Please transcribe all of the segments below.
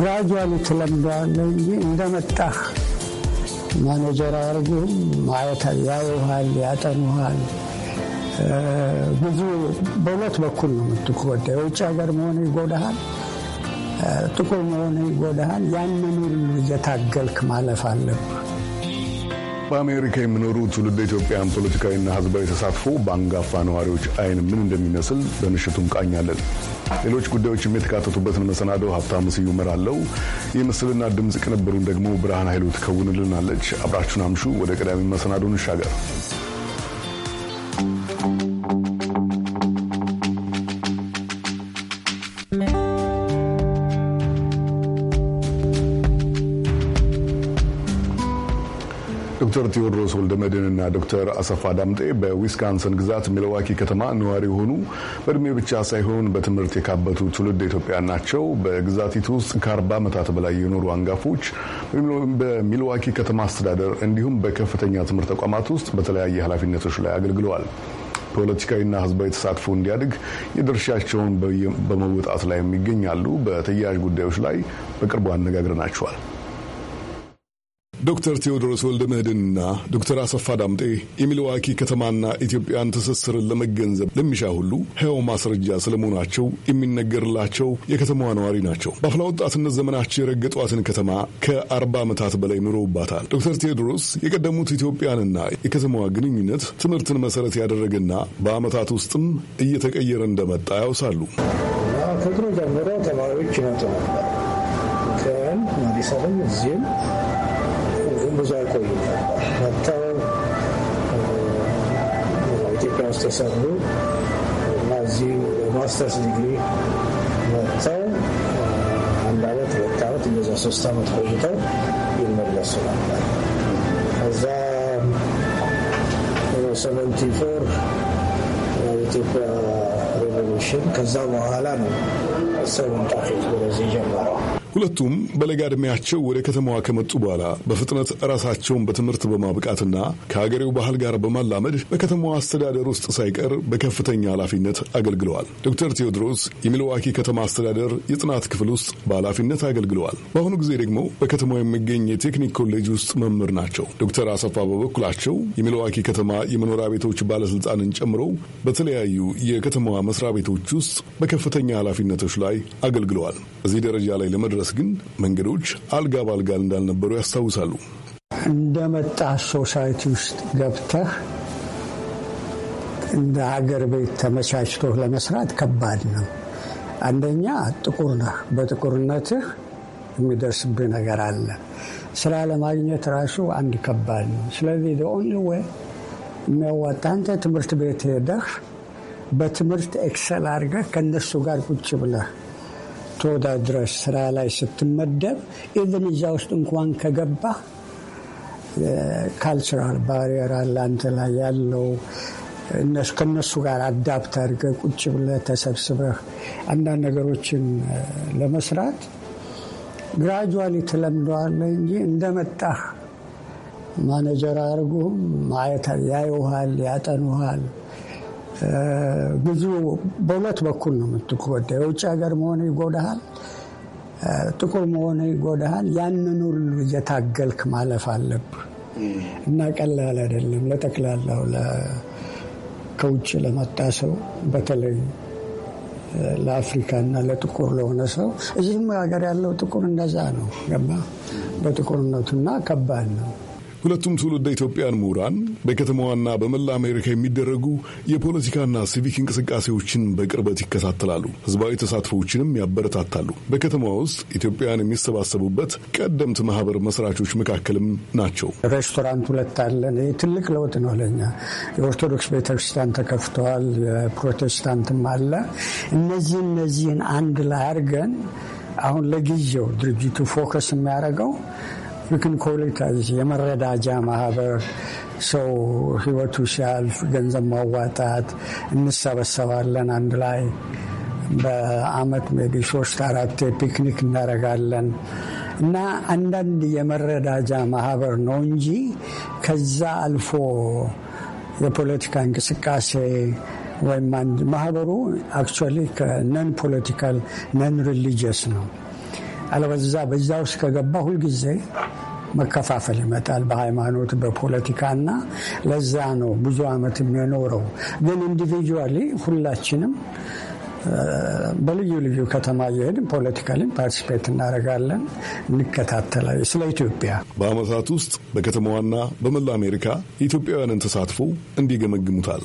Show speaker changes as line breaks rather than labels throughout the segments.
ግራጁዋሊ ትለምደዋለህ እንጂ እንደመጣህ ማኔጀር አያርጉህም። ማየት ያዩሃል፣ ያጠኑሃል። ብዙ በሁለት በኩል ነው የምትጎዳ። የውጭ ሀገር መሆን ይጎዳሃል፣ ጥቁር መሆን ይጎዳሃል። ያንኑን እየታገልክ ማለፍ አለብህ።
በአሜሪካ የሚኖሩ ትውልደ ኢትዮጵያን ፖለቲካዊና ሕዝባዊ ተሳትፎ በአንጋፋ ነዋሪዎች አይን ምን እንደሚመስል በምሽቱ እንቃኛለን። ሌሎች ጉዳዮችም የተካተቱበትን መሰናዶ ሀብታሙ ስዩም እመራለሁ። የምስልና ድምፅ ቅንብሩን ደግሞ ብርሃን ኃይሉ ትከውንልናለች። አብራችሁን አምሹ። ወደ ቀዳሚ መሰናዶ እንሻገር። ዶክተር ቴዎድሮስ ወልደመድንና ዶክተር አሰፋ ዳምጤ በዊስካንሰን ግዛት ሚልዋኪ ከተማ ነዋሪ የሆኑ በእድሜ ብቻ ሳይሆን በትምህርት የካበቱ ትውልድ ኢትዮጵያ ናቸው። በግዛቲቱ ውስጥ ከአርባ ዓመታት በላይ የኖሩ አንጋፎች በሚልዋኪ ከተማ አስተዳደር እንዲሁም በከፍተኛ ትምህርት ተቋማት ውስጥ በተለያየ ኃላፊነቶች ላይ አገልግለዋል። ፖለቲካዊና ሕዝባዊ ተሳትፎ እንዲያድግ የድርሻቸውን በመወጣት ላይ ይገኛሉ። በተያያዥ ጉዳዮች ላይ በቅርቡ አነጋግረናቸዋል። ዶክተር ቴዎድሮስ ወልደ ምህድንና ዶክተር አሰፋ ዳምጤ የሚልዋኪ ከተማና ኢትዮጵያን ትስስርን ለመገንዘብ ለሚሻ ሁሉ ሕያው ማስረጃ ስለመሆናቸው የሚነገርላቸው የከተማዋ ነዋሪ ናቸው። በአፍላ ወጣትነት ዘመናቸው የረገጧትን ከተማ ከአርባ ዓመታት በላይ ኑረውባታል። ዶክተር ቴዎድሮስ የቀደሙት ኢትዮጵያንና የከተማዋ ግንኙነት ትምህርትን መሰረት ያደረገና በዓመታት ውስጥም እየተቀየረ እንደመጣ ያውሳሉ።
ከድሮ ጀምሮ ተማሪዎች ይመጡ ነበር። አዲስ አበባ እዚህም ብዙ አይቆዩም መጥተው
ኢትዮጵያ ውስጥ የሰሩ እና እዚህ ማስተርስ ዲግሪ መጥተው አንድ አመት ሁለት አመት እንደዛ ሶስት አመት ቆይተው
ይመለሱ ነበር። ከዛ ሰቨንቲ ፎር ኢትዮጵያ ሬቮሉሽን ከዛ በኋላ ነው
ሰው መምጣት ወደዚህ ጀመረው።
ሁለቱም በለጋ ዕድሜያቸው ወደ ከተማዋ ከመጡ በኋላ በፍጥነት ራሳቸውን በትምህርት በማብቃትና ከሀገሬው ባህል ጋር በማላመድ በከተማዋ አስተዳደር ውስጥ ሳይቀር በከፍተኛ ኃላፊነት አገልግለዋል። ዶክተር ቴዎድሮስ የሚልዋኪ ከተማ አስተዳደር የጥናት ክፍል ውስጥ በኃላፊነት አገልግለዋል። በአሁኑ ጊዜ ደግሞ በከተማ የሚገኝ የቴክኒክ ኮሌጅ ውስጥ መምህር ናቸው። ዶክተር አሰፋ በበኩላቸው የሚልዋኪ ከተማ የመኖሪያ ቤቶች ባለስልጣንን ጨምሮ በተለያዩ የከተማዋ መስሪያ ቤቶች ውስጥ በከፍተኛ ኃላፊነቶች ላይ አገልግለዋል። እዚህ ደረጃ ላይ ለመድረስ ድረስ ግን መንገዶች አልጋ ባልጋ እንዳልነበሩ ያስታውሳሉ።
እንደመጣ ሶሳይቲ ውስጥ ገብተህ እንደ ሀገር ቤት ተመቻችቶ ለመስራት ከባድ ነው። አንደኛ ጥቁር ነህ። በጥቁርነትህ የሚደርስብህ ነገር አለ። ስራ ለማግኘት ራሱ አንድ ከባድ ነው። ስለዚህ ኦንሊ ወይ የሚያዋጣ አንተ ትምህርት ቤት ሄደህ በትምህርት ኤክሰል አድርገህ ከእነሱ ጋር ቁጭ ብለህ ተወዳድረሽ ስራ ላይ ስትመደብ ኢቨን እዛ ውስጥ እንኳን ከገባ ካልቸራል ባሪየር አለ አንተ ላይ ያለው ከእነሱ ጋር አዳፕት አድርገህ ቁጭ ብለህ ተሰብስበህ አንዳንድ ነገሮችን ለመስራት ግራጁዋሊ ትለምደዋለህ እንጂ እንደመጣህ ማኔጀር አድርጎህም ማየት ያዩሃል፣ ያጠኑሃል። ብዙ በሁለት በኩል ነው የምትጎዳ የውጭ ሀገር መሆነ ይጎዳሃል፣ ጥቁር መሆነ ይጎዳሃል። ያንን ሁሉ እየታገልክ ማለፍ አለብ። እና ቀላል አይደለም። ለጠቅላላው ከውጭ ለመጣ ሰው በተለይ ለአፍሪካና ለጥቁር ለሆነ ሰው እዚህም ሀገር ያለው ጥቁር እንደዛ ነው። ገባ በጥቁርነቱና ከባድ ነው።
ሁለቱም ትውልደ ኢትዮጵያን ምሁራን በከተማዋና በመላ አሜሪካ የሚደረጉ የፖለቲካና ሲቪክ እንቅስቃሴዎችን በቅርበት ይከታተላሉ፣ ህዝባዊ ተሳትፎዎችንም ያበረታታሉ። በከተማዋ ውስጥ ኢትዮጵያን የሚሰባሰቡበት ቀደምት ማህበር መስራቾች መካከልም ናቸው።
ሬስቶራንት ሁለት አለን። ይህ ትልቅ ለውጥ ነው ለኛ። የኦርቶዶክስ ቤተክርስቲያን ተከፍተዋል፣ ፕሮቴስታንትም አለ። እነዚህ እነዚህን አንድ ላይ አድርገን አሁን ለጊዜው ድርጅቱ ፎከስ የሚያደርገው ልክም ኮሌታ የመረዳጃ ማህበር ሰው ህይወቱ ሲያልፍ ገንዘብ ማዋጣት እንሰበሰባለን። አንድ ላይ በአመት ሜቢ ሶስት አራት ፒክኒክ እናደርጋለን። እና አንዳንድ የመረዳጃ ማህበር ነው እንጂ ከዛ አልፎ የፖለቲካ እንቅስቃሴ ወይም ማህበሩ አክቹዋሊ ከነን ፖለቲካል ነን ሪሊጅስ ነው። አለበዛ በዛ ውስጥ ከገባ ሁልጊዜ መከፋፈል ይመጣል በሃይማኖት በፖለቲካና ለዛ ነው ብዙ ዓመት የሚኖረው ግን ኢንዲቪጁዋሊ ሁላችንም በልዩ ልዩ ከተማ እየሄድን ፖለቲካልን ፓርቲስፔት እናደርጋለን፣ እንከታተላለን። ስለ ኢትዮጵያ
በአመታት ውስጥ በከተማዋና በመላ አሜሪካ ኢትዮጵያውያንን ተሳትፎ እንዲገመግሙታል።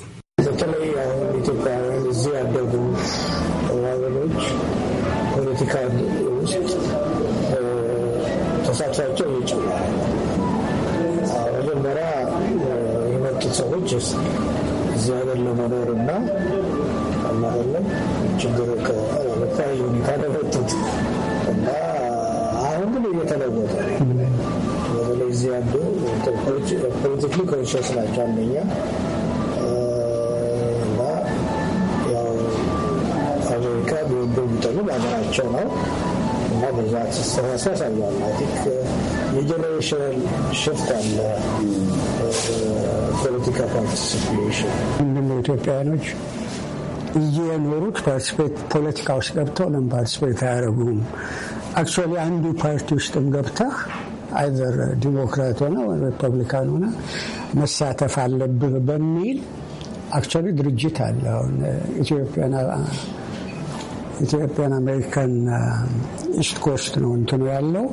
ኦፊሻልስ ናቸው አንደኛ እና ያው አሜሪካ ቢወደው ቢጠሉ ነው እና በዛ ሲሰራሳ ያሳያል። ቲክ የጀኔሬሽናል ሽፍት አለ ፖለቲካ ፓርቲሲፔሽን ምንድነው ኢትዮጵያውያኖች እየኖሩት ፓርቲስፔት ፖለቲካ ውስጥ ገብተው ለም ፓርቲስፔት አያደርጉም። አክቹዋሊ አንዱ ፓርቲ ውስጥም ገብተህ አይዘር ዲሞክራት ሆነ ሪፐብሊካን ሆነ መሳተፍ አለብህ በሚል አክቹዋሊ ድርጅት አለ። አሁን ኢትዮጵያን አሜሪካን ኢስት ኮስት ነው እንትኑ ያለው።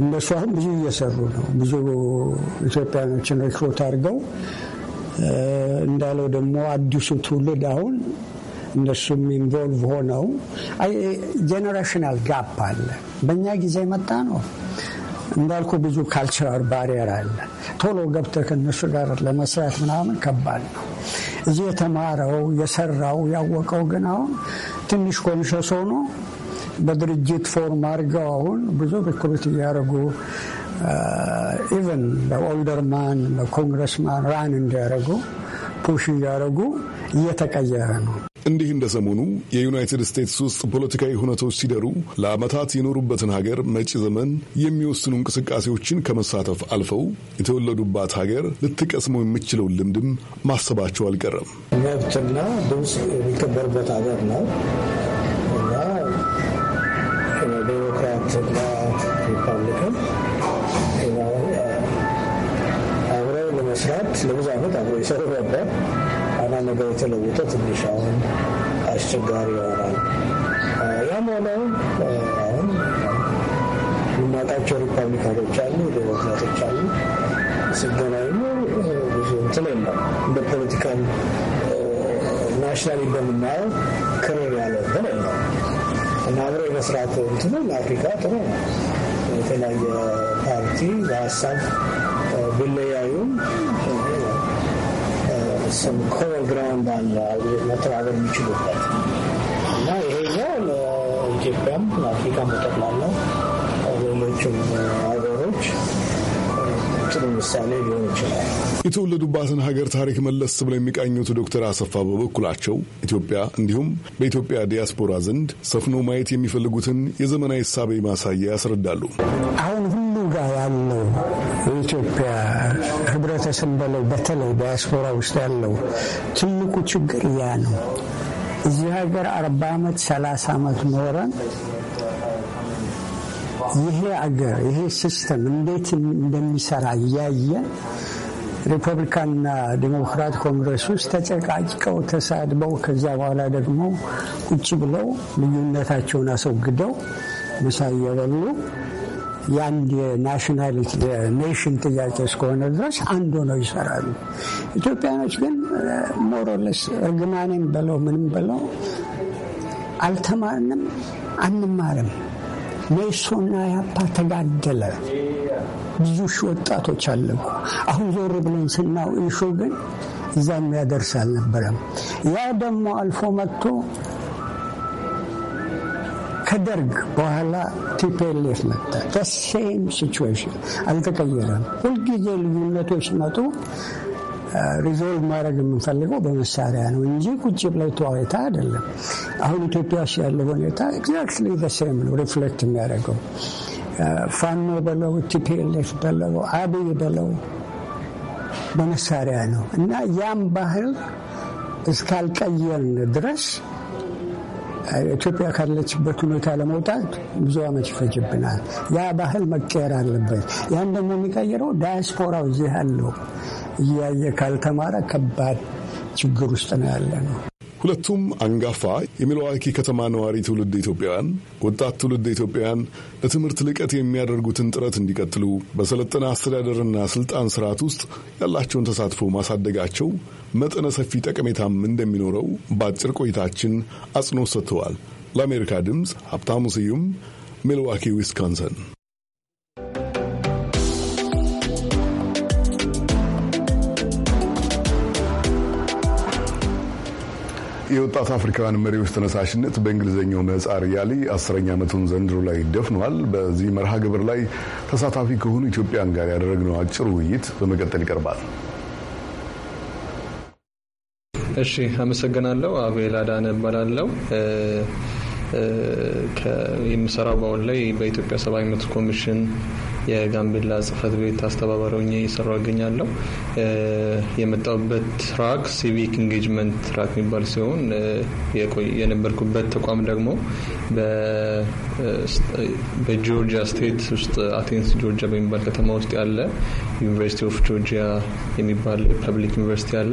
እነሱ አሁን ብዙ እየሰሩ ነው። ብዙ ኢትዮጵያኖችን ሪክሩት አድርገው እንዳለው ደግሞ አዲሱ ትውልድ አሁን እነሱም ኢንቮልቭ ሆነው ጄኔሬሽናል ጋፕ አለ። በእኛ ጊዜ መጣ ነው እንዳልኩ ብዙ ካልቸራል ባሪየር አለ። ቶሎ ገብተህ ከነሱ ጋር ለመስራት ምናምን ከባድ ነው። እዚህ የተማረው የሰራው ያወቀው ግን አሁን ትንሽ ኮንሸስ ሆኖ በድርጅት ፎርም አድርገው አሁን ብዙ ሪክሩት እያደረጉ ኢቨን በኦልደርማን በኮንግረስማን ራን እንዲያደርጉ ፑሽ እያደረጉ እየተቀየረ ነው።
እንዲህ እንደ ሰሞኑ የዩናይትድ ስቴትስ ውስጥ ፖለቲካዊ ሁነቶች ሲደሩ ለአመታት የኖሩበትን ሀገር መጪ ዘመን የሚወስኑ እንቅስቃሴዎችን ከመሳተፍ አልፈው የተወለዱባት ሀገር ልትቀስመው የምችለውን ልምድም ማሰባቸው አልቀረም።
መብትና ድምፅ የሚከበርበት ሀገር ነው እና ዴሞክራትና ሪፐብሊካን አብረው ለመስራት ለብዙ አመት አብረው ይሰሩ ነበር። ነገር የተለወጠ ትንሽ አሁን አስቸጋሪ ይሆናል። ያም ሆነ አሁን የምናውቃቸው ሪፐብሊካኖች አሉ፣ ዴሞክራቶች አሉ። ሲገናኙ ብዙ እንትን የለም እንደ ፖለቲካል ናሽናል በምናየው ክርር ያለ እንትን የለም እና አብሮ የመስራት እንትኑ ለአፍሪካ ጥሩ ነው። የተለያየ ፓርቲ በሀሳብ ቢለያዩም some common ground አለ መተባበር የሚችሉበት እና ይሄኛው ለኢትዮጵያም አፍሪካ መጠቅላለው ሌሎችም ሀገሮች
ጥሩ ምሳሌ ሊሆን ይችላል። የተወለዱባትን ሀገር ታሪክ መለስ ብለው የሚቃኙት ዶክተር አሰፋ በበኩላቸው ኢትዮጵያ እንዲሁም በኢትዮጵያ ዲያስፖራ ዘንድ ሰፍኖ ማየት የሚፈልጉትን የዘመናዊ እሳቤ ማሳያ ያስረዳሉ።
አሁን ሁሉ ጋር ያለው የኢትዮጵያ ህብረተሰብ በለው በተለይ ዲያስፖራ ውስጥ ያለው ትልቁ ችግር ያ ነው። እዚህ ሀገር አርባ ዓመት ሰላሳ ዓመት ኖረን ይሄ አገር ይሄ ሲስተም እንዴት እንደሚሰራ እያየን ሪፐብሊካንና ዲሞክራት ኮንግረስ ውስጥ ተጨቃጭቀው ተሳድበው ከዛ በኋላ ደግሞ ቁጭ ብለው ልዩነታቸውን አስወግደው ምሳ እየበሉ የአንድ የናሽናሊቲ ኔሽን ጥያቄ እስከሆነ ድረስ አንዱ ነው ይሰራሉ። ኢትዮጵያኖች ግን ሞሮለስ እርግማኔም በለው ምንም በለው አልተማርንም፣ አንማርም። ሜሶና ያፓ ተጋደለ። ብዙ ሺህ ወጣቶች አለቁ። አሁን ዞር ብለን ስናው ኢሾ ግን እዛም ያደርስ አልነበረም። ያ ደግሞ አልፎ መጥቶ ከደርግ በኋላ ቲፒኤልኤፍ መጣ። ሴም ሲቹዌሽን አልተቀየረም። ሁልጊዜ ልዩነቶች መጡ። ሪዞልቭ ማድረግ የምንፈልገው በመሳሪያ ነው እንጂ ቁጭ ብለው ተዋይታ አይደለም። አሁን ኢትዮጵያ ውስጥ ያለው ሁኔታ ኤግዛክትሊ ሴም ነው ሪፍሌክት የሚያደርገው ፋኖ በለው ቲፒኤልኤፍ በለው አብይ በለው በመሳሪያ ነው እና ያም ባህል እስካልቀየርን ድረስ ኢትዮጵያ ካለችበት ሁኔታ ለመውጣት ብዙ ዓመት ይፈጅብናል። ያ ባህል መቀየር አለበት። ያን ደግሞ የሚቀይረው ዳያስፖራው እዚህ ያለው እያየ ካልተማረ ከባድ ችግር ውስጥ ነው ያለ ነው።
ሁለቱም አንጋፋ የሚልዋኪ ከተማ ነዋሪ ትውልድ ኢትዮጵያውያን፣ ወጣት ትውልድ ኢትዮጵያውያን ለትምህርት ልቀት የሚያደርጉትን ጥረት እንዲቀጥሉ በሰለጠነ አስተዳደርና ስልጣን ስርዓት ውስጥ ያላቸውን ተሳትፎ ማሳደጋቸው መጠነ ሰፊ ጠቀሜታም እንደሚኖረው በአጭር ቆይታችን አጽንኦት ሰጥተዋል። ለአሜሪካ ድምፅ ሀብታሙ ስዩም ሚልዋኪ ዊስኮንሰን የወጣት አፍሪካውያን መሪዎች ተነሳሽነት በእንግሊዝኛው ምህጻር ያሊ አስረኛ ዓመቱን ዘንድሮ ላይ ደፍኗል። በዚህ መርሃ ግብር ላይ ተሳታፊ ከሆኑ ኢትዮጵያን ጋር ያደረግነው አጭር ውይይት በመቀጠል ይቀርባል።
እሺ፣ አመሰግናለሁ። አቤል አዳነ እባላለሁ። የምሰራው በአሁን ላይ በኢትዮጵያ ሰብአዊ መብት ኮሚሽን የጋምቤላ ጽህፈት ቤት አስተባባሪ ሆኜ እየሰራሁ እገኛለሁ። የመጣሁበት ትራክ ሲቪክ ኢንጌጅመንት ትራክ የሚባል ሲሆን የነበርኩበት ተቋም ደግሞ በጆርጂያ ስቴት ውስጥ አቴንስ ጆርጂያ በሚባል ከተማ ውስጥ ያለ ዩኒቨርሲቲ ኦፍ ጆርጂያ የሚባል ፐብሊክ ዩኒቨርሲቲ አለ።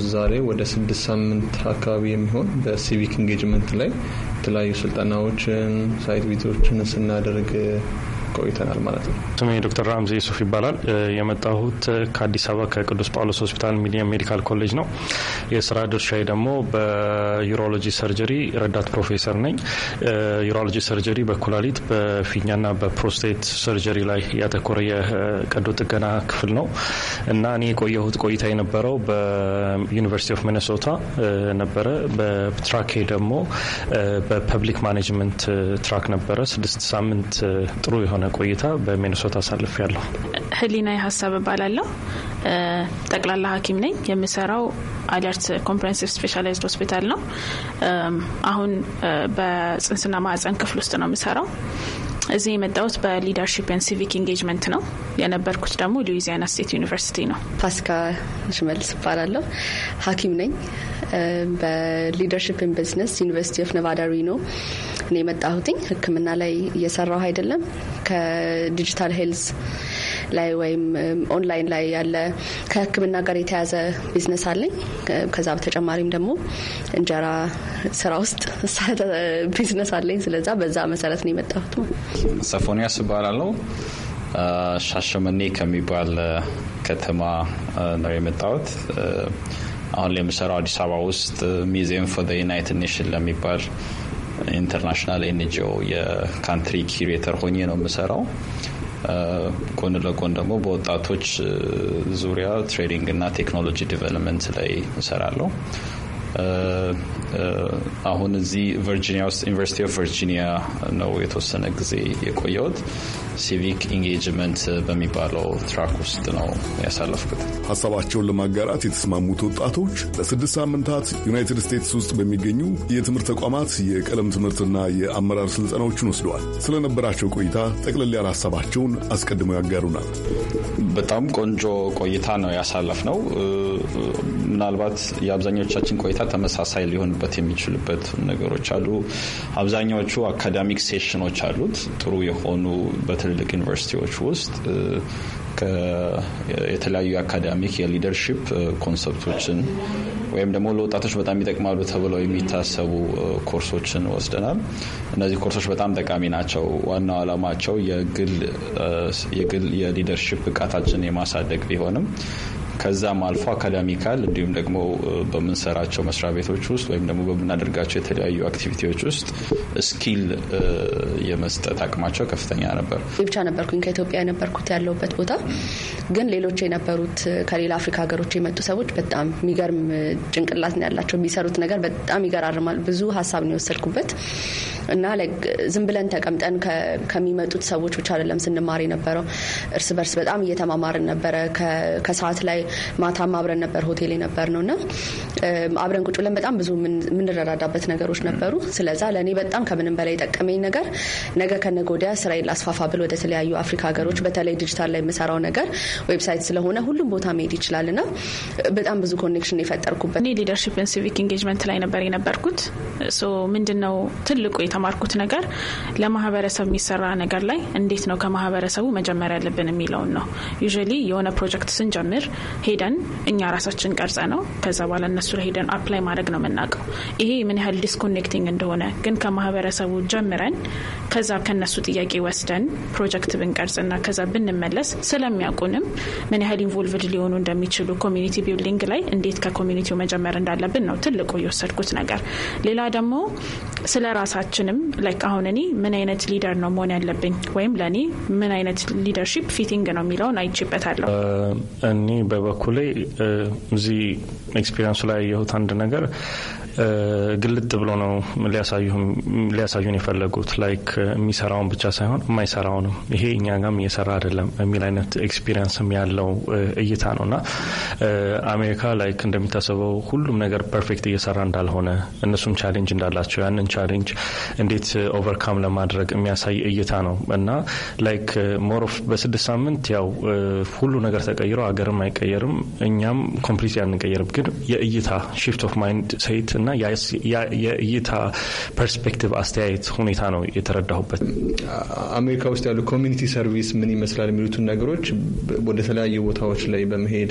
እዛ ላይ ወደ ስድስት ሳምንት አካባቢ የሚሆን በሲቪክ ኢንጌጅመንት ላይ የተለያዩ ስልጠናዎችን ሳይት ቪዚቶችን ስናደርግ ቆይተናል ማለት ነው። ስሜ ዶክተር
ራምዚ ሱፍ ይባላል። የመጣሁት ከአዲስ አበባ ከቅዱስ ጳውሎስ ሆስፒታል ሚሊኒየም ሜዲካል ኮሌጅ ነው። የስራ ድርሻዬ ደግሞ በዩሮሎጂ ሰርጀሪ ረዳት ፕሮፌሰር ነኝ። ዩሮሎጂ ሰርጀሪ በኩላሊት በፊኛና በፕሮስቴት ሰርጀሪ ላይ ያተኮረ የቀዶ ጥገና ክፍል ነው እና እኔ የቆየሁት ቆይታ የነበረው በዩኒቨርሲቲ ኦፍ ሚነሶታ ነበረ። በትራኬ ደግሞ በፐብሊክ ማኔጅመንት ትራክ ነበረ። ስድስት ሳምንት ጥሩ የሆነ የሆነ ቆይታ በሚኒሶታ አሳልፍ ያለሁ።
ህሊና የሀሳብ እባላለሁ። ጠቅላላ ሀኪም ነኝ። የምሰራው አለርት ኮምፕሬንሲቭ ስፔሻላይዝድ ሆስፒታል ነው። አሁን በጽንስና ማዕፀን ክፍል ውስጥ ነው የምሰራው። እዚህ የመጣሁት ን ሲቪክ ኢንጌጅመንት ነው።
የነበርኩት ደግሞ ሉዊዚያና ስቴት ዩኒቨርሲቲ ነው። ፓስካ ሽመልስ እባላለሁ። ሀኪም ነኝ። በሊደርሽፕ ኢን ቢዝነስ ዩኒቨርሲቲ ኦፍ ነቫዳ ሪኖ እኔ የመጣሁትኝ ሕክምና ላይ እየሰራሁ አይደለም ከዲጂታል ሄልዝ ላይ ወይም um, ኦንላይን ላይ ያለ ከህክምና ጋር የተያዘ ቢዝነስ አለኝ። ከዛ በተጨማሪም ደግሞ እንጀራ ስራ ውስጥ ቢዝነስ አለኝ። ስለዛ በዛ መሰረት ነው የመጣሁት።
ሰፎኒያስ እባላለሁ። ሻሸመኔ ከሚባል ከተማ ነው የመጣሁት። አሁን የምሰራው አዲስ አበባ ውስጥ ሚዚየም ፎር ዩናይትድ ኔሽን ለሚባል ኢንተርናሽናል ኤንጂኦ የካንትሪ ኪሬተር ሆኜ ነው የምሰራው። ጎን ለጎን ደግሞ በወጣቶች ዙሪያ ትሬዲንግ እና ቴክኖሎጂ ዲቨሎፕመንት ላይ እሰራለሁ። አሁን እዚህ ቨርጂኒያ ውስጥ ዩኒቨርሲቲ ኦፍ ቨርጂኒያ ነው የተወሰነ ጊዜ የቆየሁት። ሲቪክ ኢንጌጅመንት uh,
በሚባለው ትራክ ውስጥ ነው ያሳለፍኩት። ሀሳባቸውን ለማጋራት የተስማሙት ወጣቶች ለስድስት ሳምንታት ዩናይትድ ስቴትስ ውስጥ በሚገኙ የትምህርት ተቋማት የቀለም ትምህርትና የአመራር ስልጠናዎችን ወስደዋል። ስለነበራቸው ቆይታ ጠቅለል ያለ ሀሳባቸውን አስቀድመው ያጋሩናል። በጣም ቆንጆ ቆይታ ነው ያሳለፍ ነው። ምናልባት
የአብዛኞቻችን ቆይታ ተመሳሳይ ሊሆንበት የሚችልበት ነገሮች አሉ። አብዛኛዎቹ አካዳሚክ ሴሽኖች አሉት ጥሩ የሆኑ በተ ትልልቅ ዩኒቨርሲቲዎች ውስጥ የተለያዩ አካዳሚክ የሊደርሺፕ ኮንሰፕቶችን ወይም ደግሞ ለወጣቶች በጣም ይጠቅማሉ ተብለው የሚታሰቡ ኮርሶችን ወስደናል። እነዚህ ኮርሶች በጣም ጠቃሚ ናቸው። ዋናው ዓላማቸው የግል የሊደርሺፕ ብቃታችን የማሳደግ ቢሆንም ከዛም አልፎ አካዳሚካል እንዲሁም ደግሞ በምንሰራቸው መስሪያ ቤቶች ውስጥ ወይም ደግሞ በምናደርጋቸው የተለያዩ አክቲቪቲዎች ውስጥ ስኪል የመስጠት አቅማቸው ከፍተኛ ነበር።
ብቻ ነበርኩኝ ከኢትዮጵያ የነበርኩት ያለውበት ቦታ ግን ሌሎች የነበሩት ከሌላ አፍሪካ ሀገሮች የመጡ ሰዎች በጣም የሚገርም ጭንቅላት ነው ያላቸው። የሚሰሩት ነገር በጣም ይገራርማል። ብዙ ሀሳብ ነው የወሰድኩበት። እና ዝም ብለን ተቀምጠን ከሚመጡት ሰዎች ብቻ አይደለም ስንማር የነበረው እርስ በርስ በጣም እየተማማርን ነበረ። ከሰዓት ላይ ማታም አብረን ነበር ሆቴል የነበር ነው እና አብረን ቁጭ ብለን በጣም ብዙ የምንረዳዳበት ነገሮች ነበሩ። ስለዛ ለእኔ በጣም ከምንም በላይ የጠቀመኝ ነገር ነገ ከነገ ወዲያ ስራዬን ላስፋፋ ብል ወደ ተለያዩ አፍሪካ ሀገሮች በተለይ ዲጂታል ላይ የምሰራው ነገር ዌብሳይት ስለሆነ ሁሉም ቦታ መሄድ ይችላል እና በጣም ብዙ ኮኔክሽን የፈጠርኩበት እኔ ሊደርሽፕ ሲቪክ ኢንጌጅመንት ላይ ነበር የነበርኩት ምንድን ነው ትልቁ
የተማርኩት ነገር ለማህበረሰብ የሚሰራ ነገር ላይ እንዴት ነው ከማህበረሰቡ መጀመር ያለብን የሚለውን ነው። ዩዥሊ የሆነ ፕሮጀክት ስንጀምር ሄደን እኛ ራሳችን ቀርጸ ነው ከዛ በኋላ እነሱ ላይ ሄደን አፕላይ ማድረግ ነው የምናውቀው። ይሄ ምን ያህል ዲስኮኔክቲንግ እንደሆነ ግን ከማህበረሰቡ ጀምረን ከዛ ከነሱ ጥያቄ ወስደን ፕሮጀክት ብንቀርጽና ከዛ ብንመለስ ስለሚያውቁንም ምን ያህል ኢንቮልቭድ ሊሆኑ እንደሚችሉ ኮሚኒቲ ቢልዲንግ ላይ እንዴት ከኮሚኒቲው መጀመር እንዳለብን ነው ትልቁ የወሰድኩት ነገር። ሌላ ደግሞ ስለ ራሳችን ሁላችንም ላይክ አሁን እኔ ምን አይነት ሊደር ነው መሆን ያለብኝ ወይም ለእኔ ምን አይነት ሊደርሺፕ ፊቲንግ ነው የሚለውን አይችበታለሁ።
እኔ በበኩሌ እዚህ ኤክስፒሪንሱ ላይ ያየሁት አንድ ነገር ግልጥ ብሎ ነው ሊያሳዩን የፈለጉት ላይክ የሚሰራውን ብቻ ሳይሆን የማይሰራውንም ይሄ እኛ ጋም እየሰራ አይደለም የሚል አይነት ኤክስፒሪየንስም ያለው እይታ ነው እና አሜሪካ ላይክ እንደሚታሰበው ሁሉም ነገር ፐርፌክት እየሰራ እንዳልሆነ እነሱም ቻሌንጅ እንዳላቸው ያንን ቻሌንጅ እንዴት ኦቨርካም ለማድረግ የሚያሳይ እይታ ነው እና ላይክ ሞሮፍ በስድስት ሳምንት ያው ሁሉ ነገር ተቀይሮ ሀገርም አይቀየርም እኛም ኮምፕሊት አንቀየርም፣ ግን የእይታ ሺፍት ኦፍ ማይንድ ሴት እና እና የእይታ ፐርስፔክቲቭ አስተያየት ሁኔታ ነው የተረዳሁበት።
አሜሪካ ውስጥ ያሉ ኮሚኒቲ ሰርቪስ ምን ይመስላል የሚሉትን ነገሮች ወደ ተለያዩ ቦታዎች ላይ በመሄድ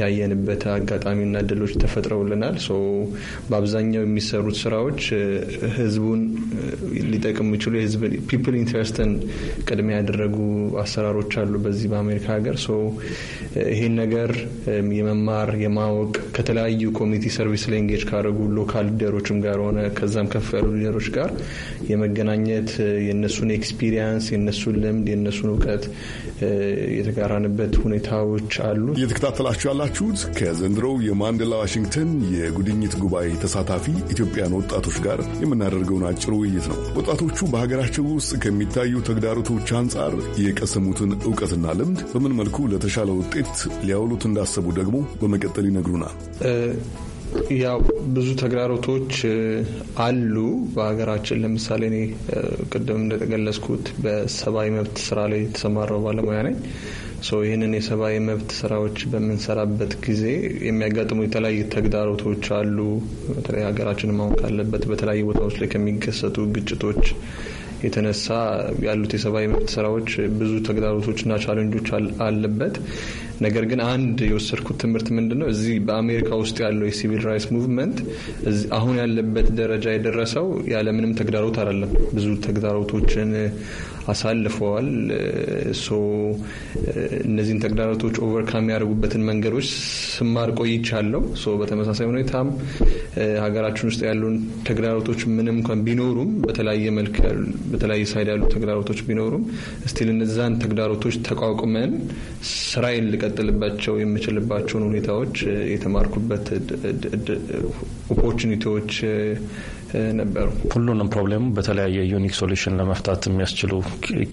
ያየንበት አጋጣሚና እድሎች ተፈጥረውልናል። በአብዛኛው የሚሰሩት ስራዎች ህዝቡን ሊጠቅም የሚችሉ ፒፕል ኢንትረስትን ቅድሚያ ያደረጉ አሰራሮች አሉ በዚህ በአሜሪካ ሀገር። ይሄን ነገር የመማር የማወቅ ከተለያዩ ኮሚኒቲ ሰርቪስ ላይ እንጌጅ ካደረጉ ከሎካል ሊደሮችም ጋር ሆነ ከዛም ከፍ ያሉ ሊደሮች ጋር የመገናኘት የእነሱን ኤክስፒሪየንስ፣ የእነሱን ልምድ፣ የእነሱን እውቀት
የተጋራንበት ሁኔታዎች አሉ። እየተከታተላችሁ ያላችሁት ከዘንድሮው የማንዴላ ዋሽንግተን የጉድኝት ጉባኤ ተሳታፊ ኢትዮጵያን ወጣቶች ጋር የምናደርገውን አጭር ውይይት ነው። ወጣቶቹ በሀገራቸው ውስጥ ከሚታዩ ተግዳሮቶች አንጻር የቀሰሙትን እውቀትና ልምድ በምን መልኩ ለተሻለ ውጤት ሊያውሉት እንዳሰቡ ደግሞ በመቀጠል ይነግሩናል።
ያው ብዙ ተግዳሮቶች አሉ በሀገራችን። ለምሳሌ እኔ ቅድም እንደተገለጽኩት በሰብአዊ መብት ስራ ላይ የተሰማራው ባለሙያ ነኝ። ይህንን የሰብአዊ መብት ስራዎች በምንሰራበት ጊዜ የሚያጋጥሙ የተለያዩ ተግዳሮቶች አሉ። በተለይ ሀገራችን ማወቅ ካለበት በተለያዩ ቦታዎች ላይ ከሚከሰቱ ግጭቶች የተነሳ ያሉት የሰብአዊ መብት ስራዎች ብዙ ተግዳሮቶችና ቻለንጆች አለበት። ነገር ግን አንድ የወሰድኩት ትምህርት ምንድን ነው እዚህ በአሜሪካ ውስጥ ያለው የሲቪል ራይትስ ሙቭመንት አሁን ያለበት ደረጃ የደረሰው ያለምንም ተግዳሮት አይደለም። ብዙ ተግዳሮቶችን አሳልፈዋል። ሶ እነዚህን ተግዳሮቶች ኦቨርካም ያደርጉበትን መንገዶች ስማር ቆይቻለሁ። ሶ በተመሳሳይ ሁኔታም ሀገራችን ውስጥ ያሉን ተግዳሮቶች ምንም እንኳን ቢኖሩም በተለያየ መልክ በተለያየ ሳይድ ያሉ ተግዳሮቶች ቢኖሩም ስቲል እነዛን ተግዳሮቶች ተቋቁመን ስራዬን ልቀጥልባቸው የምችልባቸውን ሁኔታዎች የተማርኩበት ኦፖርቹኒቲዎች ነበሩ። ሁሉንም ፕሮብሌሙ በተለያየ
ዩኒክ ሶሉሽን ለመፍታት የሚያስችሉ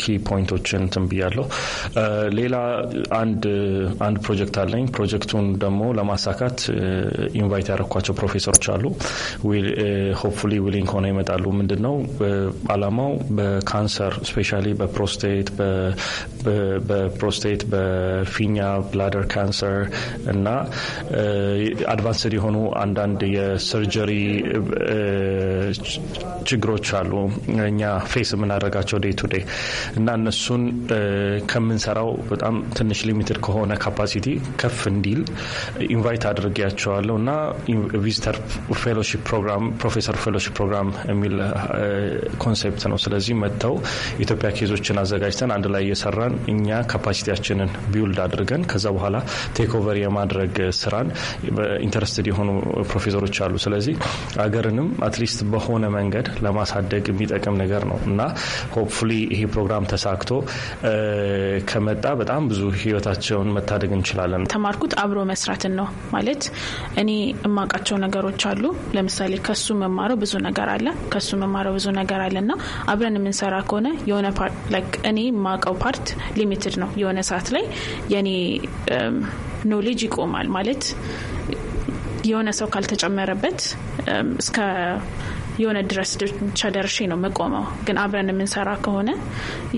ኪ ፖይንቶችን ትንብያለሁ። ሌላ አንድ ፕሮጀክት አለኝ። ፕሮጀክቱን ደግሞ ለማሳካት ኢንቫይት ያደረኳቸው ፕሮፌሰሮች አሉ። ሆፕፉሊ ዊሊንግ ሆነ ይመጣሉ። ምንድን ነው አላማው? በካንሰር ስፔሻሊ በፕሮስቴት በፕሮስቴት በፊኛ ብላደር ካንሰር እና አድቫንስድ የሆኑ አንዳንድ የሰርጀሪ ችግሮች አሉ እኛ ፌስ የምናደርጋቸው ዴይ ቱ ዴይ እና እነሱን ከምንሰራው በጣም ትንሽ ሊሚትድ ከሆነ ካፓሲቲ ከፍ እንዲል ኢንቫይት አድርጌያቸዋለሁ እና ቪዚተር ፌሎሺፕ ፕሮግራም ፕሮፌሰር ፌሎሺፕ ፕሮግራም የሚል ኮንሴፕት ነው። ስለዚህ መጥተው ኢትዮጵያ ኬዞችን አዘጋጅተን አንድ ላይ እየሰራን እኛ ካፓሲቲያችንን ቢውልድ አድርገን ከዛ በኋላ ቴክ ኦቨር የማድረግ ስራን ኢንተረስትድ የሆኑ ፕሮፌሰሮች አሉ። ስለዚህ አገርንም አትሊስት ሪያሊስት በሆነ መንገድ ለማሳደግ የሚጠቅም ነገር ነው እና ሆፕፉሊ ይሄ ፕሮግራም ተሳክቶ ከመጣ በጣም ብዙ ህይወታቸውን መታደግ እንችላለን።
ተማርኩት አብሮ መስራትን ነው ማለት እኔ እማውቃቸው ነገሮች አሉ። ለምሳሌ ከሱ መማረው ብዙ ነገር አለ፣ ከሱ መማረው ብዙ ነገር አለ እና አብረን የምንሰራ ከሆነ የሆነ እኔ የማውቀው ፓርት ሊሚትድ ነው። የሆነ ሰዓት ላይ የኔ ኖሌጅ ይቆማል ማለት የሆነ ሰው ካልተጨመረበት እስከ የሆነ ድረስ ብቻ ደርሼ ነው መቆመው። ግን አብረን የምንሰራ ከሆነ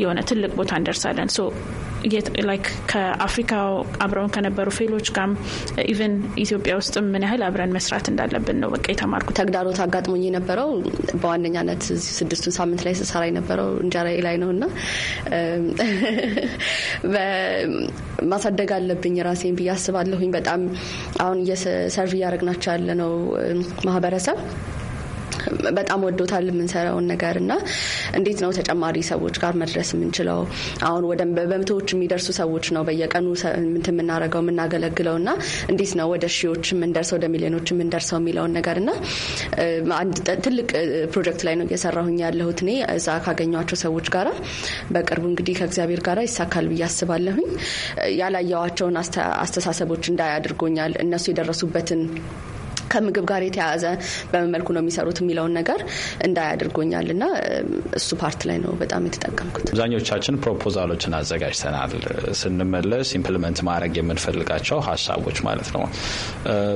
የሆነ ትልቅ ቦታ እንደርሳለን። ከአፍሪካ አብረውን ከነበሩ ፌሎች ጋም ኢቨን ኢትዮጵያ ውስጥም ምን ያህል አብረን መስራት
እንዳለብን ነው በቃ የተማርኩት። ተግዳሮት አጋጥሞኝ የነበረው በዋነኛነት ስድስቱን ሳምንት ላይ ስሰራ የነበረው እንጀራ ላይ ነው እና ማሳደግ አለብኝ ራሴን ብዬ አስባለሁኝ። በጣም አሁን ሰርቭ እያደረግናቸው ያለ ነው ማህበረሰብ በጣም ወዶታል የምንሰራውን ነገር እና እንዴት ነው ተጨማሪ ሰዎች ጋር መድረስ የምንችለው? አሁን ወደ በመቶዎች የሚደርሱ ሰዎች ነው በየቀኑ ምንት የምናደርገው የምናገለግለው እና እንዴት ነው ወደ ሺዎች የምንደርሰው ወደ ሚሊዮኖች የምንደርሰው የሚለውን ነገር እና አንድ ትልቅ ፕሮጀክት ላይ ነው እየሰራሁኝ ያለሁት እኔ እዛ ካገኟቸው ሰዎች ጋራ በቅርቡ እንግዲህ ከእግዚአብሔር ጋራ ይሳካል ብዬ አስባለሁኝ። ያላየዋቸውን አስተሳሰቦች አድርጎኛል እነሱ የደረሱበትን ከምግብ ጋር የተያያዘ በመመልኩ ነው የሚሰሩት የሚለውን ነገር እንዳያደርጎኛል እና እሱ ፓርት ላይ ነው በጣም የተጠቀምኩት።
አብዛኞቻችን ፕሮፖዛሎችን አዘጋጅተናል። ስንመለስ ኢምፕልመንት ማድረግ የምንፈልጋቸው ሀሳቦች ማለት ነው።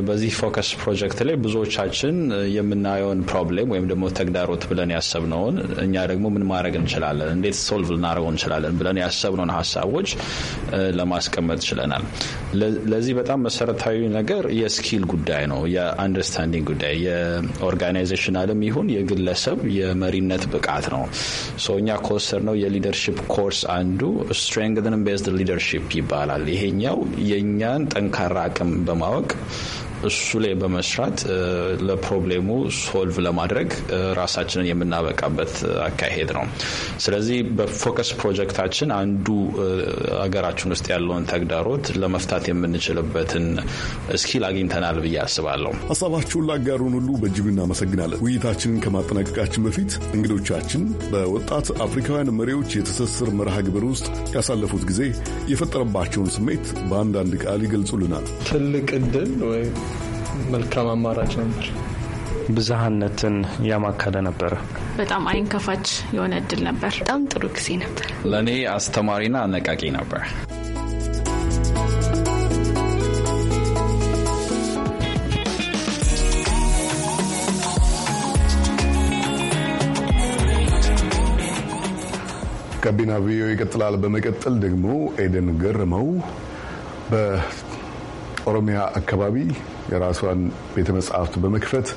በዚህ ፎከስ ፕሮጀክት ላይ ብዙዎቻችን የምናየውን ፕሮብሌም ወይም ደግሞ ተግዳሮት ብለን ያሰብነውን እኛ ደግሞ ምን ማድረግ እንችላለን፣ እንዴት ሶልቭ ልናደርገው እንችላለን ብለን ያሰብነውን ሀሳቦች ለማስቀመጥ ችለናል። ለዚህ በጣም መሰረታዊ ነገር የስኪል ጉዳይ ነው። አንደርስታንዲንግ ጉዳይ የኦርጋናይዜሽናልም ይሁን የግለሰብ የመሪነት ብቃት ነው። እኛ ኮስተር ነው የሊደርሽፕ ኮርስ አንዱ ስትሬንግን ቤዝድ ሊደርሽፕ ይባላል። ይሄኛው የእኛን ጠንካራ አቅም በማወቅ እሱ ላይ በመስራት ለፕሮብሌሙ ሶልቭ ለማድረግ ራሳችንን የምናበቃበት አካሄድ ነው። ስለዚህ በፎከስ ፕሮጀክታችን አንዱ ሀገራችን ውስጥ ያለውን ተግዳሮት ለመፍታት የምንችልበትን ስኪል አግኝተናል ብዬ አስባለሁ።
ሀሳባችሁን ላጋሩን ሁሉ በእጅጉ እናመሰግናለን። ውይይታችንን ከማጠናቀቃችን በፊት እንግዶቻችን በወጣት አፍሪካውያን መሪዎች የትስስር መርሃ ግብር ውስጥ ያሳለፉት ጊዜ የፈጠረባቸውን ስሜት በአንዳንድ ቃል ይገልጹልናል።
ትልቅ እድል መልካም አማራጭ ነበር።
ብዝሃነትን ያማከለ ነበረ።
በጣም አይን ከፋች የሆነ እድል ነበር። በጣም ጥሩ ጊዜ ነበር።
ለእኔ አስተማሪና አነቃቂ ነበር።
ጋቢና ቪኦኤ ይቀጥላል። በመቀጠል ደግሞ ኤደን ገርመው ኦሮሚያ አካባቢ የራሷን ቤተ መጽሐፍት በመክፈት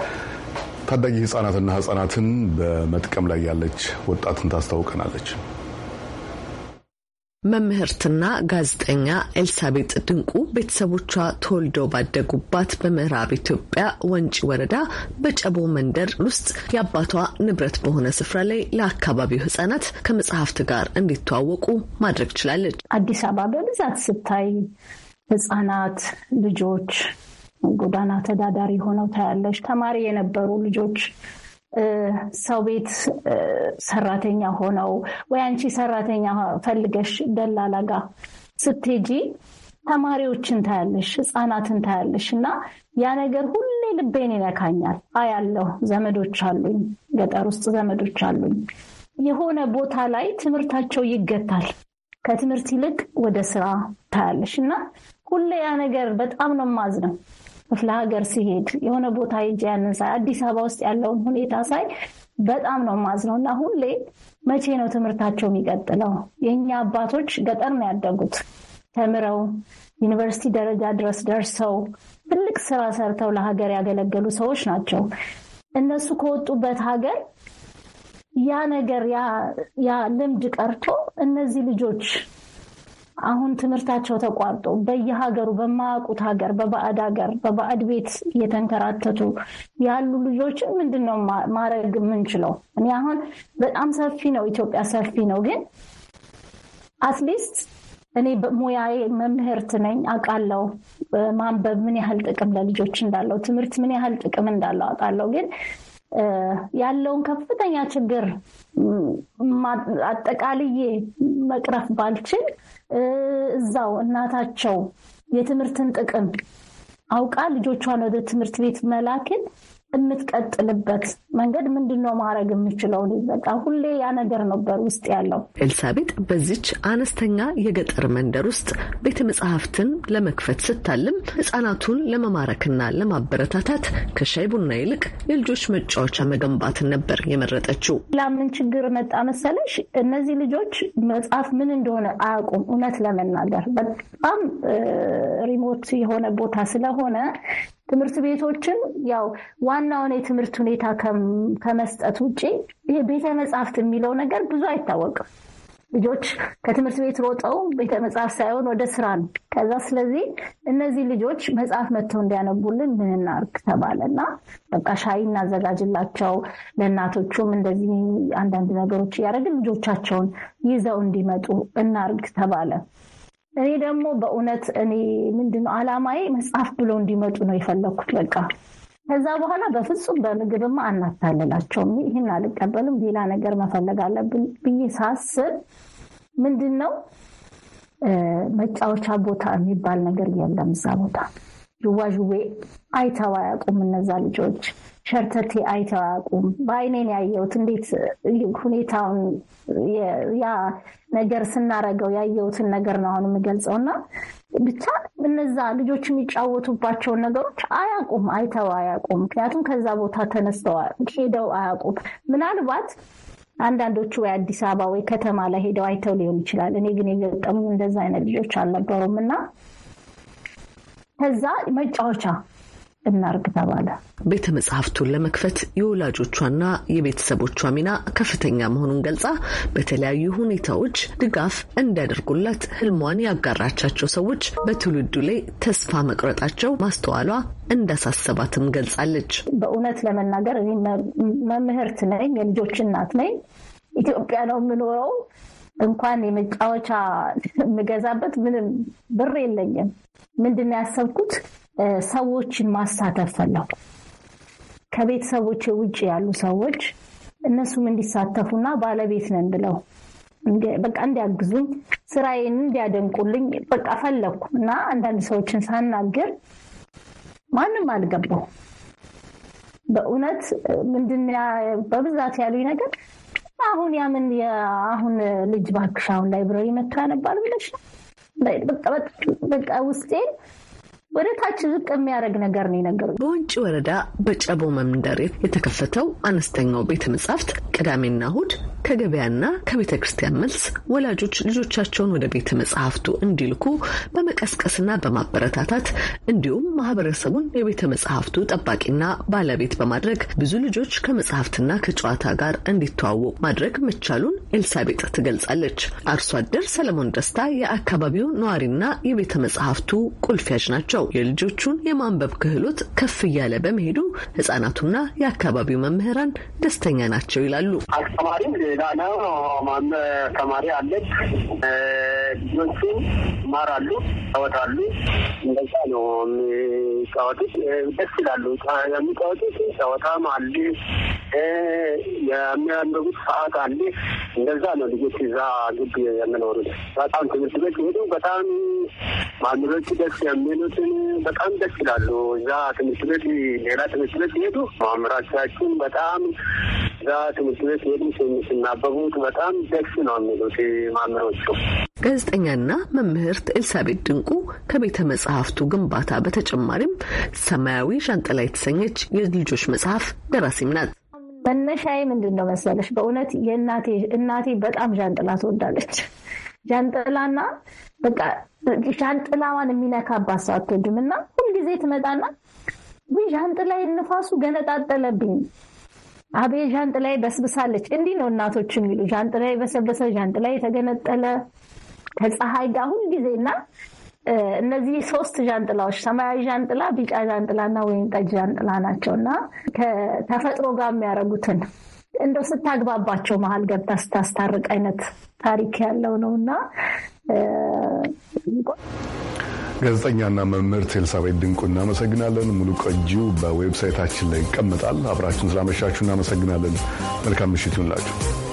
ታዳጊ ህጻናትና ህጻናትን በመጥቀም ላይ ያለች ወጣትን ታስታውቀናለች።
መምህርትና ጋዜጠኛ ኤልሳቤጥ ድንቁ ቤተሰቦቿ ተወልደው ባደጉባት በምዕራብ ኢትዮጵያ ወንጪ ወረዳ በጨቦ መንደር ውስጥ የአባቷ ንብረት በሆነ ስፍራ ላይ ለአካባቢው ህጻናት ከመጽሐፍት ጋር እንዲተዋወቁ ማድረግ ችላለች።
አዲስ አበባ በብዛት ስታይ ህጻናት ልጆች ጎዳና ተዳዳሪ ሆነው ታያለች ተማሪ የነበሩ ልጆች ሰው ቤት ሰራተኛ ሆነው ወይ አንቺ ሰራተኛ ፈልገሽ ደላላ ጋ ስትሄጂ ተማሪዎችን ታያለሽ፣ ህፃናትን ታያለሽ። እና ያ ነገር ሁሌ ልቤን ይነካኛል። አያለሁ። ዘመዶች አሉኝ፣ ገጠር ውስጥ ዘመዶች አሉኝ። የሆነ ቦታ ላይ ትምህርታቸው ይገታል። ከትምህርት ይልቅ ወደ ስራ ታያለሽ እና ሁሌ ያ ነገር በጣም ነው የማዝነው። ክፍለ ሀገር ሲሄድ የሆነ ቦታ ሄጅ ያንን ሳይ አዲስ አበባ ውስጥ ያለውን ሁኔታ ሳይ በጣም ነው የማዝነው እና ሁሌ መቼ ነው ትምህርታቸው የሚቀጥለው? የእኛ አባቶች ገጠር ነው ያደጉት ተምረው ዩኒቨርሲቲ ደረጃ ድረስ ደርሰው ትልቅ ስራ ሰርተው ለሀገር ያገለገሉ ሰዎች ናቸው። እነሱ ከወጡበት ሀገር ያ ነገር ያ ልምድ ቀርቶ እነዚህ ልጆች አሁን ትምህርታቸው ተቋርጦ በየሀገሩ በማያውቁት ሀገር በባዕድ ሀገር በባዕድ ቤት እየተንከራተቱ ያሉ ልጆችን ምንድን ነው ማድረግ የምንችለው? እኔ አሁን በጣም ሰፊ ነው ኢትዮጵያ ሰፊ ነው። ግን አትሊስት እኔ ሙያዬ መምህርት ነኝ አውቃለሁ። ማንበብ ምን ያህል ጥቅም ለልጆች እንዳለው፣ ትምህርት ምን ያህል ጥቅም እንዳለው አውቃለሁ። ግን ያለውን ከፍተኛ ችግር አጠቃልዬ መቅረፍ ባልችል እዛው እናታቸው የትምህርትን ጥቅም አውቃ ልጆቿን ወደ ትምህርት ቤት መላክን የምትቀጥልበት መንገድ ምንድን ነው ማድረግ የምችለው? በቃ ሁሌ ያ
ነገር ነበር ውስጥ ያለው። ኤልሳቤጥ በዚች አነስተኛ የገጠር መንደር ውስጥ ቤተ መጽሐፍትን ለመክፈት ስታልም ህፃናቱን ለመማረክና ለማበረታታት ከሻይ ቡና ይልቅ የልጆች መጫወቻ መገንባትን ነበር የመረጠችው። ላምን ችግር መጣ
መሰለሽ፣ እነዚህ ልጆች መጽሐፍ ምን እንደሆነ አያውቁም። እውነት ለመናገር በጣም ሪሞት የሆነ ቦታ ስለሆነ ትምህርት ቤቶችን ያው ዋናውን የትምህርት ሁኔታ ከመስጠት ውጭ ይሄ ቤተ መጽሐፍት የሚለው ነገር ብዙ አይታወቅም። ልጆች ከትምህርት ቤት ሮጠው ቤተ መጽሐፍ ሳይሆን ወደ ስራ ነው። ከዛ ስለዚህ እነዚህ ልጆች መጽሐፍ መጥተው እንዲያነቡልን ምን እናድርግ ተባለ እና በቃ ሻይ እናዘጋጅላቸው፣ ለእናቶቹም እንደዚህ አንዳንድ ነገሮች እያደረግን ልጆቻቸውን ይዘው እንዲመጡ እናርግ ተባለ። እኔ ደግሞ በእውነት እኔ ምንድነው አላማዬ መጽሐፍ ብሎ እንዲመጡ ነው የፈለግኩት። በቃ ከዛ በኋላ በፍጹም በምግብማ አናታልላቸውም፣ ይህን አልቀበልም፣ ሌላ ነገር መፈለግ አለብን ብዬ ሳስብ ምንድን ነው መጫወቻ ቦታ የሚባል ነገር የለም እዛ ቦታ። ዥዋዥዌ አይተው አያውቁም እነዛ ልጆች፣ ሸርተቴ አይተው አያውቁም። በአይኔን ያየሁት እንዴት ሁኔታውን ያ ነገር ስናረገው ያየሁትን ነገር ነው አሁን የምገልጸው እና ብቻ እነዛ ልጆች የሚጫወቱባቸውን ነገሮች አያውቁም፣ አይተው አያውቁም። ምክንያቱም ከዛ ቦታ ተነስተው ሄደው አያውቁም። ምናልባት አንዳንዶቹ ወይ አዲስ አበባ ወይ ከተማ ላይ ሄደው አይተው ሊሆን ይችላል። እኔ ግን የገጠሙ እንደዛ አይነት ልጆች አልነበሩም እና ከዛ መጫወቻ እናርግ ተባለ።
ቤተ መጽሐፍቱን ለመክፈት የወላጆቿና የቤተሰቦቿ ሚና ከፍተኛ መሆኑን ገልጻ በተለያዩ ሁኔታዎች ድጋፍ እንዲያደርጉላት ህልሟን ያጋራቻቸው ሰዎች በትውልዱ ላይ ተስፋ መቁረጣቸው ማስተዋሏ እንዳሳሰባትም ገልጻለች።
በእውነት ለመናገር መምህርት ነኝ፣ የልጆች እናት ነኝ። ኢትዮጵያ ነው የምኖረው። እንኳን የመጫወቻ የምገዛበት ምንም ብር የለኝም። ምንድን ነው ያሰብኩት ሰዎችን ማሳተፍ ፈለኩ። ከቤተሰቦች ውጭ ያሉ ሰዎች እነሱም እንዲሳተፉና ባለቤት ነን ብለው በቃ እንዲያግዙኝ ስራዬን እንዲያደንቁልኝ በቃ ፈለግኩ እና አንዳንድ ሰዎችን ሳናግር ማንም አልገባው። በእውነት ምንድን በብዛት ያሉኝ ነገር አሁን ያምን አሁን ልጅ ባክሽ አሁን ላይብረሪ መጥቶ ያነባል ብለሽ ነው
በቃ ውስጤን ወደ ታች ዝቅ የሚያደርግ ነገር ነው የነገሩ። በወንጪ ወረዳ በጨቦ መንደር የተከፈተው አነስተኛው ቤተ መጻሕፍት ቅዳሜና እሁድ ከገበያና ከቤተ ክርስቲያን መልስ ወላጆች ልጆቻቸውን ወደ ቤተ መጽሐፍቱ እንዲልኩ በመቀስቀስና በማበረታታት እንዲሁም ማህበረሰቡን የቤተ መጽሐፍቱ ጠባቂና ባለቤት በማድረግ ብዙ ልጆች ከመጽሐፍትና ከጨዋታ ጋር እንዲተዋወቁ ማድረግ መቻሉን ኤልሳቤጥ ትገልጻለች። አርሶ አደር ሰለሞን ደስታ የአካባቢው ነዋሪና የቤተ መጽሐፍቱ ቁልፍ ያዥ ናቸው። ናቸው። የልጆቹን የማንበብ ክህሎት ከፍ እያለ በመሄዱ ህጻናቱና የአካባቢው መምህራን ደስተኛ ናቸው ይላሉ።
አስተማሪም ሌላ ነው።
ተማሪ አለች። ልጆቹን ማራሉ፣ ይጫወታሉ። እንደዛ ነው የሚጫወቱት። ደስ ይላሉ የሚጫወቱት። ጨዋታም አለ የሚያንበቡት ሰዓት አለ። እንደዛ ነው ልጆች እዛ ግቢ የምኖሩት። በጣም ትምህርት ቤት ሄዱ። በጣም ማንበቦቹ ደስ የሚሉትን በጣም ደስ ይላሉ። እዛ ትምህርት ቤት ሌላ ትምህርት ቤት ሄዱ። ማምራቻችን በጣም እዛ ትምህርት ቤት ሄዱ ስናበቡት
በጣም ደስ ነው የሚሉት ማምሮቹ። ጋዜጠኛና መምህርት ኤልሳቤት ድንቁ ከቤተ መጽሐፍቱ ግንባታ በተጨማሪም ሰማያዊ ዣንጥላ የተሰኘች የልጆች መጽሐፍ ደራሲም ናት። መነሻዬ ምንድን ነው መሰለሽ? በእውነት የእናቴ
እናቴ በጣም ዣንጥላ ትወዳለች። ዣንጥላና በቃ ዣንጥላዋን የሚነካባት ሰው አትወድም እና ሁልጊዜ ትመጣና ውይ ዣንጥላዬ ንፋሱ ገነጣጠለብኝ፣ አቤ ዣንጥላዬ በስብሳለች። እንዲህ ነው እናቶች የሚሉ ዣንጥላዬ በሰበሰ፣ ዣንጥላዬ የተገነጠለ ከፀሐይ ጋር ሁልጊዜ እና እነዚህ ሶስት ዣንጥላዎች ሰማያዊ ዣንጥላ፣ ቢጫ ዣንጥላና ወይም ጠጅ ዣንጥላ ናቸው እና ከተፈጥሮ ጋር የሚያደርጉትን እንደው ስታግባባቸው መሀል ገብታ ስታስታርቅ አይነት ታሪክ ያለው ነው እና
ጋዜጠኛና መምህርት ኤልሳቤት ድንቁ እናመሰግናለን። ሙሉ ቅጂው በዌብሳይታችን ላይ ይቀመጣል። አብራችን ስላመሻችሁ እናመሰግናለን። መልካም ምሽት ይሁንላችሁ።